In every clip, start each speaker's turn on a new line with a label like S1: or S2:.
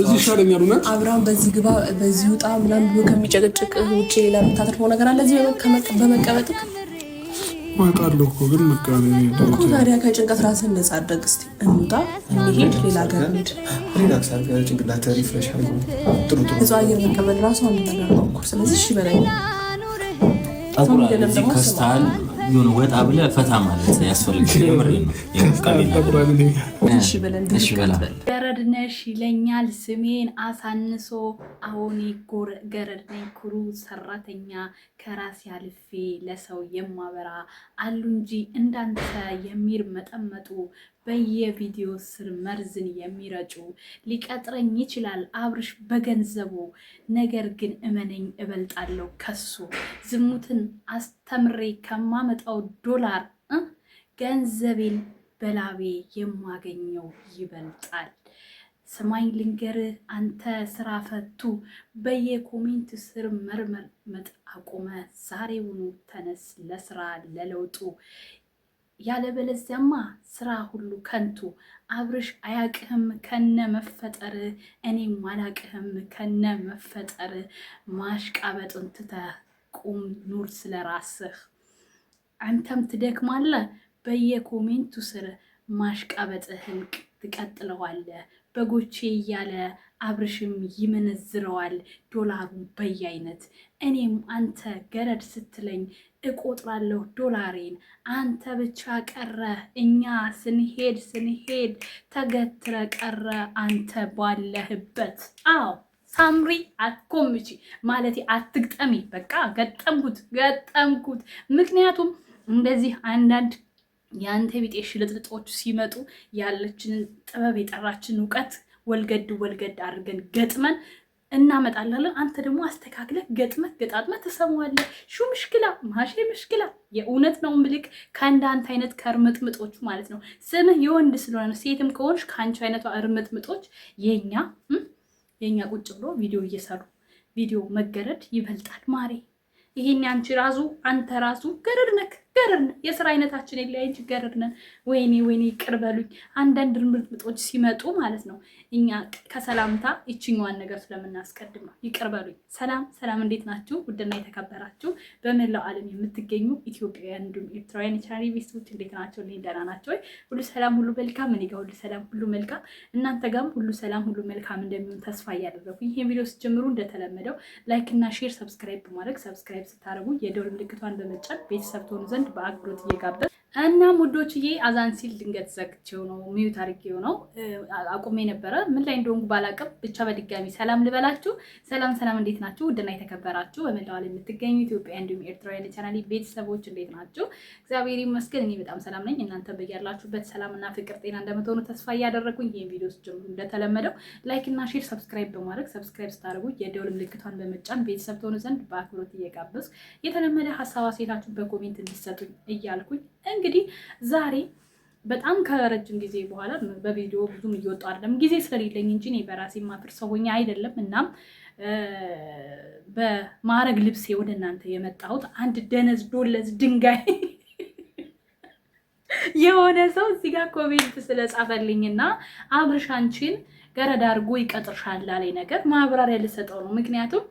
S1: እዚህ ይሻለኛል። እውነት
S2: አብርሃም በዚህ ግባ በዚህ ውጣ ምናምን ብሎ ከሚጨቅጭቅ ውጭ ሌላ የምታተርፈው ነገር አለ እዚህ በመቀመጥክ?
S1: እማውቃለሁ እኮ ግን በቃ እኮ
S2: ታዲያ ከጭንቀት ራስን ነጻ አድርግ። እስኪ እንውጣ፣ እንሂድ፣ ሌላ ሀገር እንሂድ።
S1: ሪላክስ አድርገህ ጭንቅላትህ ሪፍሬሽ አድርገህ ጥሩ ጥሩ
S2: እዚሁ አየር መቀበል ራሱ አንድ ነገር ነው እኮ ስለዚህ እሺ በላይ
S1: የሆነ ወጣ ብለ ፈታ ማለት ያስፈልግ ነው።
S2: ገረድ ነሽ ይለኛል ስሜን አሳንሶ አሁን ገረድ ነኝ ኩሩ ሰራተኛ ከራሴ አልፌ ለሰው የማበራ አሉ እንጂ እንዳንተ መጠመጡ በየቪዲዮ ስር መርዝን የሚረጩ ሊቀጥረኝ ይችላል አብርሽ በገንዘቡ ነገር ግን እመነኝ እበልጣለሁ ከሱ ዝሙትን አስ ተምሬ ከማመጣው ዶላር ገንዘቤን በላቤ የማገኘው ይበልጣል። ስማኝ ልንገርህ አንተ ስራ ፈቱ፣ በየኮሜንት ስር መርመር አቁመ፣ ዛሬውኑ ተነስ ለስራ ለለውጡ። ያለበለዚያማ ስራ ሁሉ ከንቱ። አብርሽ አያቅህም ከነ መፈጠር፣ እኔም አላቅህም ከነ መፈጠር። ማሽቃበጡን ትተህ ቁም፣ ኑር ስለ ራስህ። አንተም ትደክማለህ። በየኮሜንቱ ስር ማሽቃበጥህን ትቀጥለዋለህ። በጎቼ እያለ አብርሽም ይመነዝረዋል ዶላሩን በየአይነት። እኔም አንተ ገረድ ስትለኝ እቆጥራለሁ ዶላሬን። አንተ ብቻ ቀረ እኛ ስንሄድ ስንሄድ ተገትረ ቀረ አንተ ባለህበት። አዎ ሳምሪ አትኮምቺ ማለት አትግጠሚ። በቃ ገጠምኩት ገጠምኩት። ምክንያቱም እንደዚህ አንዳንድ የአንተ ቢጤ ሽልጥልጦች ሲመጡ ያለችንን ጥበብ የጠራችን እውቀት ወልገድ ወልገድ አድርገን ገጥመን እናመጣላለን። አንተ ደግሞ አስተካክለህ ገጥመህ ገጣጥመህ ትሰማዋለህ። ሹ ምሽክላ ማሼ ምሽክላ የእውነት ነው ምልክ ከእንደ አንተ አይነት ከእርምጥምጦቹ ማለት ነው። ስምህ የወንድ ስለሆነ ሴትም ከሆንሽ ከአንቺ አይነቷ እርምጥምጦች የኛ የእኛ ቁጭ ብሎ ቪዲዮ እየሰሩ ቪዲዮ መገረድ ይበልጣል ማሬ። ይሄን አንቺ ራሱ አንተ ራሱ ገረድ ነክ ገረድን የስራ አይነታችን የለያይ እንጂ ወይኔ ወይኔ ይቅር በሉኝ። አንዳንድ ምርምጦች ሲመጡ ማለት ነው እኛ ከሰላምታ ይችኛዋን ነገር ስለምናስቀድም ነው። ይቅር ሰላም ሰላም፣ እንዴት ናችሁ? ውድና የተከበራችሁ በመላው ዓለም የምትገኙ ኢትዮጵያውያን እንዲሁም ኤርትራውያን የቻሪ ቤተሰቦች እንዴት ናቸው? እንዴት ደህና ናቸው ወይ? ሁሉ ሰላም ሁሉ መልካም፣ እኔ ጋር ሁሉ ሰላም ሁሉ መልካም፣ እናንተ ጋርም ሁሉ ሰላም ሁሉ መልካም እንደሚሆን ተስፋ እያደረኩኝ ይሄን ቪዲዮ ስትጀምሩ እንደተለመደው ላይክ እና ሼር፣ ሰብስክራይብ በማድረግ ሰብስክራይብ ስታደርጉ የደወል ምልክቷን በመጫን ቤተሰብ ትሆኑ ዘንድ ዘንድ በአክብሮት እየጋበዝ እናም ሙዶችዬ አዛን ሲል ድንገት ዘግቼው ነው ሚዩት አድርጌው ነው አቁሜ ነበረ። ምን ላይ እንደሆንኩ ባላቅም ብቻ በድጋሚ ሰላም ልበላችሁ። ሰላም ሰላም፣ እንዴት ናችሁ? ውድና የተከበራችሁ በመላው ዓለም የምትገኙ ኢትዮጵያ እንዲሁም ኤርትራውያን ቻናል ቤተሰቦች እንዴት ናችሁ? እግዚአብሔር ይመስገን እኔ በጣም ሰላም ነኝ። እናንተ በያላችሁበት ሰላምና ፍቅር፣ ጤና እንደምትሆኑ ተስፋ እያደረግኩኝ ይህን ቪዲዮ ስጀምሩ እንደተለመደው ላይክ እና ሼር፣ ሰብስክራይብ በማድረግ ሰብስክራይብ ስታደርጉ የደውል ምልክቷን በመጫን ቤተሰብ ትሆኑ ዘንድ በአክብሮት እየጋበዝኩ የተለመደ ሀሳብ አስተያየታችሁን በኮሜንት እንዲሰጡኝ እያልኩኝ እንግዲህ ዛሬ በጣም ከረጅም ጊዜ በኋላ በቪዲዮ ብዙም እየወጡ አይደለም፣ ጊዜ ስለሌለኝ እንጂ እኔ በራሴ ማፍር ሰውኛ አይደለም። እናም በማዕረግ ልብሴ ወደ እናንተ የመጣሁት አንድ ደነዝ ዶለዝ ድንጋይ የሆነ ሰው እዚህ ጋር ኮሜንት ስለጻፈልኝና አብርሽ አንቺን ገረድ አድርጎ ይቀጥርሻል ላይ ነገር ማብራሪያ ልሰጠው ነው። ምክንያቱም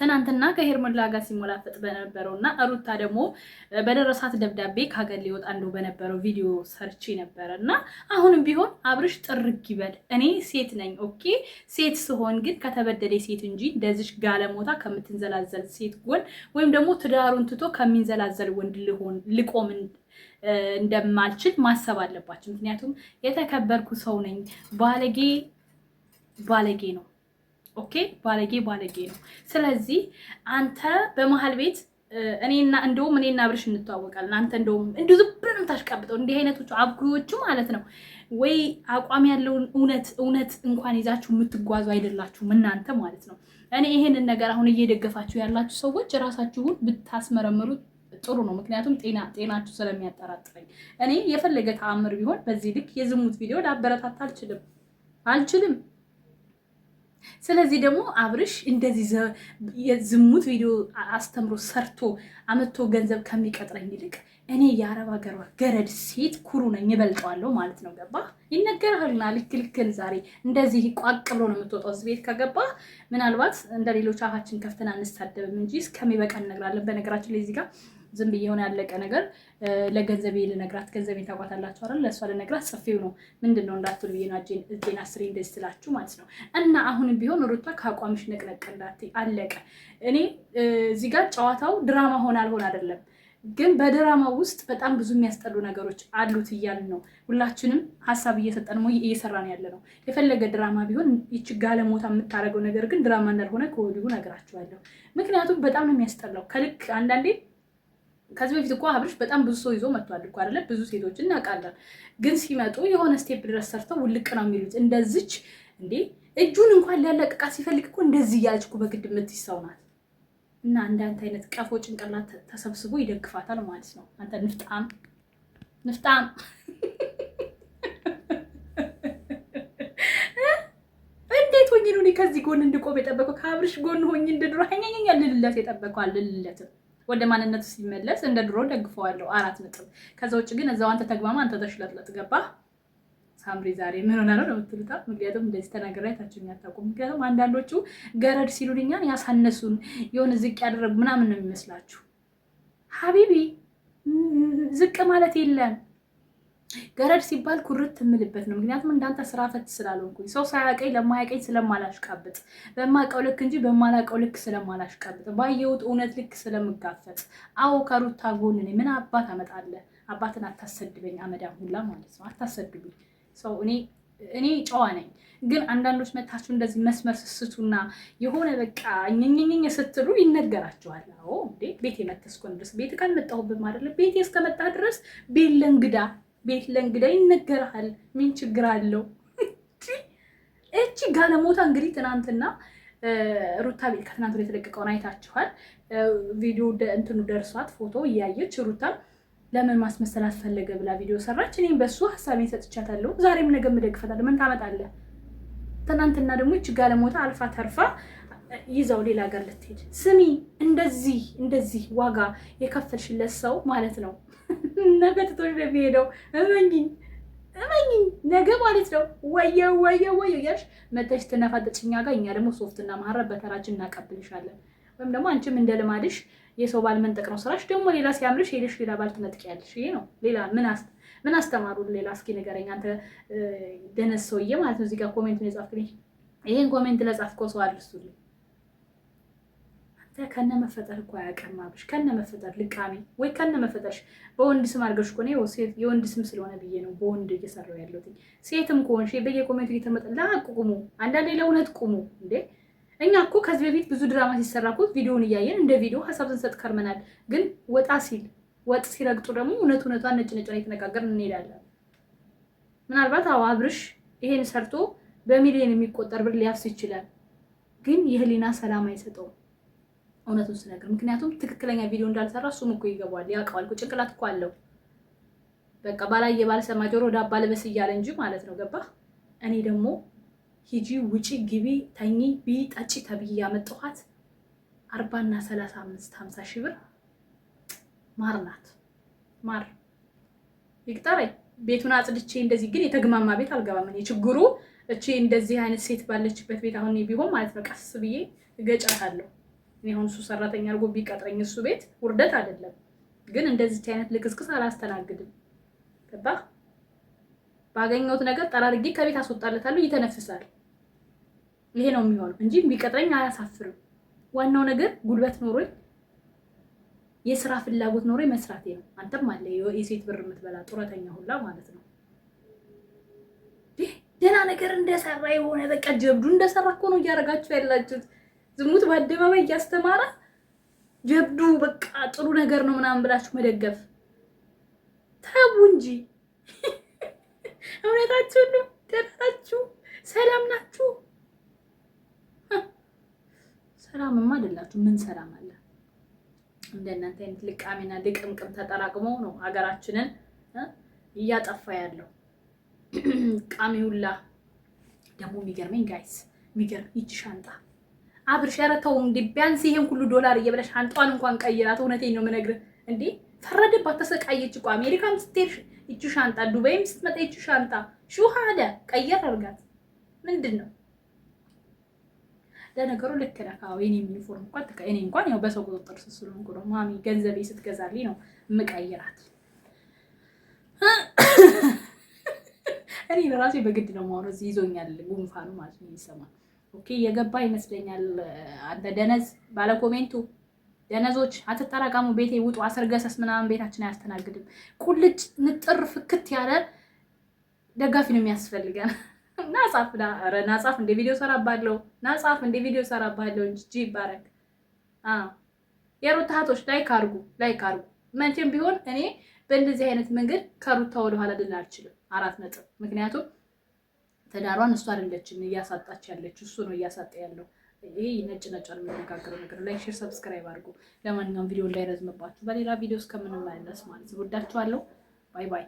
S2: ትናንትና ከሄርሞላ ጋር ሲሞላፈጥ በነበረው እና ሩታ ደግሞ በደረሳት ደብዳቤ ከሀገር ሊወጣ እንደው በነበረው ቪዲዮ ሰርች ነበረ እና አሁንም ቢሆን አብርሽ ጥርግ ይበል። እኔ ሴት ነኝ ኦኬ። ሴት ስሆን ግን ከተበደደ ሴት እንጂ እንደዚች ጋለሞታ ከምትንዘላዘል ሴት ጎን ወይም ደግሞ ትዳሩን ትቶ ከሚንዘላዘል ወንድ ልሆን ልቆም እንደማልችል ማሰብ አለባቸው። ምክንያቱም የተከበርኩ ሰው ነኝ። ባለጌ ባለጌ ነው ኦኬ ባለጌ ባለጌ ነው። ስለዚህ አንተ በመሀል ቤት እኔና እንደውም እኔና ብርሽ እንተዋወቃለን። አንተ እንደውም እንዲሁ ዝም ብለህ ነው እንዲህ አይነቶቹ አብጉዎቹ ማለት ነው ወይ አቋም ያለውን እውነት እውነት እንኳን ይዛችሁ የምትጓዙ አይደላችሁም እናንተ ማለት ነው። እኔ ይሄንን ነገር አሁን እየደገፋችሁ ያላችሁ ሰዎች ራሳችሁን ብታስመረምሩ ጥሩ ነው። ምክንያቱም ጤና ጤናችሁ ስለሚያጠራጥረኝ እኔ የፈለገ ተአምር ቢሆን በዚህ ልክ የዝሙት ቪዲዮ ላበረታታ አልችልም አልችልም። ስለዚህ ደግሞ አብርሽ እንደዚህ የዝሙት ቪዲዮ አስተምሮ ሰርቶ አመቶ ገንዘብ ከሚቀጥረኝ ይልቅ እኔ የአረብ ሀገሯ ገረድ ሴት ኩሩ ነኝ እበልጠዋለሁ ማለት ነው። ገባ ይነገርሃልና፣ ልክ ልክን ዛሬ እንደዚህ ቋቅ ብሎ ነው የምትወጣው እዚህ ቤት ከገባ። ምናልባት እንደ ሌሎች አፋችን ከፍተን አንሳደብም እንጂ እስከሚበቃ እንነግራለን። በነገራችን ላይ እዚህ ጋር ዝም ብዬ የሆነ ያለቀ ነገር ለገንዘቤ ልነግራት ገንዘቤ ታውቋታላችሁ አይደል? ለእሷ ልነግራት ጽፌው ነው ምንድን ነው እንዳትሉ ብዬ ነው እጄን አስሬ እንደዚህ ስላችሁ ማለት ነው። እና አሁንም ቢሆን ሩታ ከአቋምሽ ነቅነቅ እንዳት አለቀ። እኔ እዚህ ጋር ጨዋታው ድራማ ሆነ አልሆን አይደለም ግን በድራማ ውስጥ በጣም ብዙ የሚያስጠሉ ነገሮች አሉት እያልን ነው። ሁላችንም ሀሳብ እየሰጠን ነው እየሰራን ያለ ነው። የፈለገ ድራማ ቢሆን ይች ጋለሞታ የምታደርገው ነገር ግን ድራማ እንዳልሆነ ከወዲሁ ነግራችኋለሁ። ምክንያቱም በጣም ነው የሚያስጠላው ከልክ አንዳንዴ ከዚህ በፊት እኮ አብርሽ በጣም ብዙ ሰው ይዞ መጥቷል እኮ አይደለ? ብዙ ሴቶች እናውቃለን። ግን ሲመጡ የሆነ ስቴፕ ድረስ ሰርተው ውልቅ ነው የሚሉት። እንደዚች እንዴ እጁን እንኳን ሊያለቅቃት ሲፈልግ እኮ እንደዚህ እያለች እኮ በግድ የምትይሳው ናት። እና እንዳንተ አይነት ቀፎ ጭንቅላት ተሰብስቦ ይደግፋታል ማለት ነው። አንተ ንፍጣም ንፍጣም እንዴት ሆኜ ነው ከዚህ ጎን እንድቆም የጠበቀው? ከአብርሽ ጎን ሆኜ እንድድሮ ሀኛኛኛ ልልለት የጠበቀው አልልለትም ወደ ማንነቱ ሲመለስ እንደ ድሮ ደግፈዋለሁ። አራት ነጥብ። ከዛ ውጭ ግን እዛው አንተ ተግባማ፣ አንተ ተሽለጥለጥ። ገባ። ሳምሪ? ዛሬ ምን ሆነ ነው ለምትሉታ፣ ምክንያቱም እንደዚህ ተናገር ላይ ታችሁ የሚያታውቁም። ምክንያቱም አንዳንዶቹ ገረድ ሲሉን እኛን ያሳነሱን የሆነ ዝቅ ያደረጉ ምናምን ነው የሚመስላችሁ። ሀቢቢ ዝቅ ማለት የለም ገረድ ሲባል ኩርት የምልበት ነው። ምክንያቱም እንዳንተ ስራ ፈት ስላልሆንኩኝ ሰው ሳያቀኝ ለማያቀኝ ስለማላሽቃብጥ በማቀው ልክ እንጂ በማላቀው ልክ ስለማላሽቃብጥ ባየሁት እውነት ልክ ስለምጋፈጥ። አዎ ከሩታ ጎን እኔ ምን አባት አመጣለህ? አባትን አታሰድበኝ፣ አመዳም ሁላ ማለት ነው። አታሰድቡኝ። ሰው እኔ እኔ ጨዋ ነኝ፣ ግን አንዳንዶች መታችሁ እንደዚህ መስመር ስስቱና የሆነ በቃ ኝኝኝኝ ስትሉ ይነገራችኋል። አዎ ቤት የመተስኮን ድረስ ቤት ካልመጣሁብም አይደለም ቤቴ እስከመጣ ድረስ ቤት ለእንግዳ ቤት ለእንግዳ ይነገርሃል። ምን ችግር አለው? እቺ ጋለሞታ እንግዲህ ትናንትና ሩታ ቤት ከትናንት ወዲያ የተለቀቀውን አይታችኋል። ቪዲዮ እንትኑ ደርሷት ፎቶ እያየች ሩታ ለምን ማስመሰል አስፈለገ ብላ ቪዲዮ ሰራች። እኔም በእሱ ሀሳቤን ሰጥቻታለሁ። ዛሬም ነገ ምደግፈታለሁ። ምን ታመጣለህ? ትናንትና ደግሞ እቺ ጋለሞታ አልፋ ተርፋ ይዛው ሌላ ሀገር ልትሄድ። ስሚ እንደዚህ እንደዚህ ዋጋ የከፈልሽለት ሰው ማለት ነው ነገ ትቶሽ ነው የሚሄደው። እመኝኝ እመኝኝ ነገ ማለት ነው። ወየ ወየ ወየ እያልሽ መተሽ ትነፋጠጭ ጋር። እኛ ደግሞ ሶፍትና ማህረብ በተራችን እናቀብልሻለን። ወይም ደግሞ አንቺም እንደ ልማድሽ የሰው ባል መንጠቅ ነው ስራሽ። ደግሞ ሌላ ሲያምርሽ ሄደሽ ሌላ ባል ትነጥቂያለሽ። ይሄ ነው ሌላ ምን አስተማሩ? ሌላ እስኪ ንገረኝ አንተ ደነስ ሰውዬ ማለት ነው። እዚህ ጋር ኮሜንት ነው የጻፍክልኝ። ይሄን ኮሜንት ለጻፍከው ሰው አድርሱልኝ። ከነ መፈጠር እኮ አያውቅም አብርሽ። ከነ መፈጠር ልቃሚ ወይ ከነ መፈጠርሽ በወንድ ስም አድርገሽ እኮ ነው። የወንድ ስም ስለሆነ ብዬ ነው በወንድ እየሰራው ያለሁት። ሴትም ከሆንሽ በየኮሜንቱ እየተመጠ ቁሙ፣ አንዳንዴ ለእውነት ቁሙ እንዴ። እኛ እኮ ከዚህ በፊት ብዙ ድራማ ሲሰራ እኮ ቪዲዮውን እያየን እንደ ቪዲዮ ሀሳብ ስንሰጥ ከርመናል። ግን ወጣ ሲል ወጥ ሲረግጡ ደግሞ እውነት እውነቷን ነጭ ነጭ የተነጋገር እንሄዳለን። ምናልባት አዎ አብርሽ ይሄን ሰርቶ በሚሊዮን የሚቆጠር ብር ሊያፍስ ይችላል። ግን የህሊና ሰላም አይሰጠውም። እውነቱን ስነግር ምክንያቱም ትክክለኛ ቪዲዮ እንዳልሰራ እሱም እኮ ይገባዋል፣ ያውቀዋል ጭንቅላት እኮ አለው። በቃ ባላየ ባልሰማ ጆሮ ዳባ ልበስ እያለ እንጂ ማለት ነው። ገባ? እኔ ደግሞ ሂጂ፣ ውጪ፣ ግቢ፣ ተኚ፣ ቢ ጠጪ ተብዬ ያመጣኋት አርባና ሰላሳ አምስት ሀምሳ ሺህ ብር ማር ናት። ማር ይቅጠረኝ። ቤቱን አጽድቼ እንደዚህ ግን የተግማማ ቤት አልገባም እኔ። ችግሩ እቺ እንደዚህ አይነት ሴት ባለችበት ቤት አሁን ቢሆን ማለት ነው ቀስ ብዬ እገጫታለሁ። የሆን እሱ ሰራተኛ አድርጎ ቢቀጥረኝ እሱ ቤት ውርደት አይደለም። ግን እንደዚህ አይነት ልቅስቅስ አላስተናግድም። ገባህ? ባገኘሁት ነገር ጠራርጌ ከቤት አስወጣለታለሁ። ይተነፍሳል። ይሄ ነው የሚሆነው እንጂ ቢቀጥረኝ አያሳፍርም። ዋናው ነገር ጉልበት ኖሮኝ የስራ ፍላጎት ኖሮኝ መስራቴ ነው። አንተም አለ የሴት ብር የምትበላ ጡረተኛ ሁላ ማለት ነው። ደህና ነገር እንደሰራ የሆነ በቃ ጀብዱ እንደሰራ እኮ ነው እያደረጋችሁ ያላችሁት። ዝሙት በአደባባይ እያስተማረ ጀብዱ በቃ ጥሩ ነገር ነው ምናምን ብላችሁ መደገፍ ተቡ እንጂ። እውነታችሁ ነው። ሰላም ናችሁ? ሰላምማ አይደላችሁ። ምን ሰላም አለ? እንደናንተ አይነት ልቃሜና ልቅምቅም ተጠራቅሞ ነው ሀገራችንን እያጠፋ ያለው ቃሚ ሁላ ደግሞ የሚገርመኝ ጋይስ፣ የሚገርም ይቺ ሻንጣ አብርሸረተው እንዲ ቢያንስ ይሄን ሁሉ ዶላር እየበለሽ አንጧን እንኳን ቀይራት። እውነቴን ነው የምነግርህ። እንዴ ፈረደባት፣ ተሰቃየች እኮ አሜሪካም ስትሄድ እቺ ሻንጣ፣ ዱባይም ስትመጣ እቺ ሻንጣ ሹሃደ ቀየር አድርጋት። ምንድን ነው ለነገሩ ልክ ነህ። አዎ የኔ ዩኒፎርም እንኳን ተቀ እኔ እንኳን ያው በሰው ቁጥጥር ስር ስለሆንኩ ነው ማሚ ገንዘቤ ስትገዛልኝ ነው የምቀይራት። እኔ ለራሴ በግድ ነው የማወራው። እዚህ ይዞኛል ጉንፋኑ ማለት ነው የሚሰማው ኦኬ የገባ ይመስለኛል። አንተ ደነዝ ባለ ኮሜንቱ ደነዞች አትጠራቀሙ፣ ቤቴ ውጡ፣ አስርገሰስ ምናምን ቤታችን አያስተናግድም። ቁልጭ ንጥር ፍክት ያለ ደጋፊ ነው የሚያስፈልገን። ናጻፍ ናጻፍ እንደ ቪዲዮ ሰራባለው ናጻፍ እንደ ቪዲዮ ሰራባለው እንጂ ይባረክ። የሩታ እህቶች ላይክ አድርጉ፣ ላይክ አድርጉ። መቼም ቢሆን እኔ በእንደዚህ አይነት መንገድ ከሩታ ወደኋላ ልል አልችልም። አራት ነጥብ ምክንያቱም ትዳሯን እሷ አይደለችም እያሳጣች ያለች፣ እሱ ነው እያሳጣ ያለው። ይሄ ነጭ ነጭ የሚነጋገረው ነገር ላይ ሼር፣ ሰብስክራይብ አድርጉ። ለማንኛውም ቪዲዮ እንዳይረዝምባችሁ በሌላ ቪዲዮ እስከምንመለስ ማለት ወዳችኋለሁ። ባይ ባይ።